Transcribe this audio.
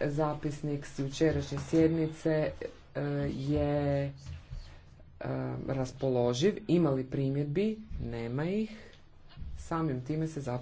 Zapisnik s jučerašnje sjednice e, je e, raspoloživ. Ima li primjedbi? Nema ih. Samim time se zapisnik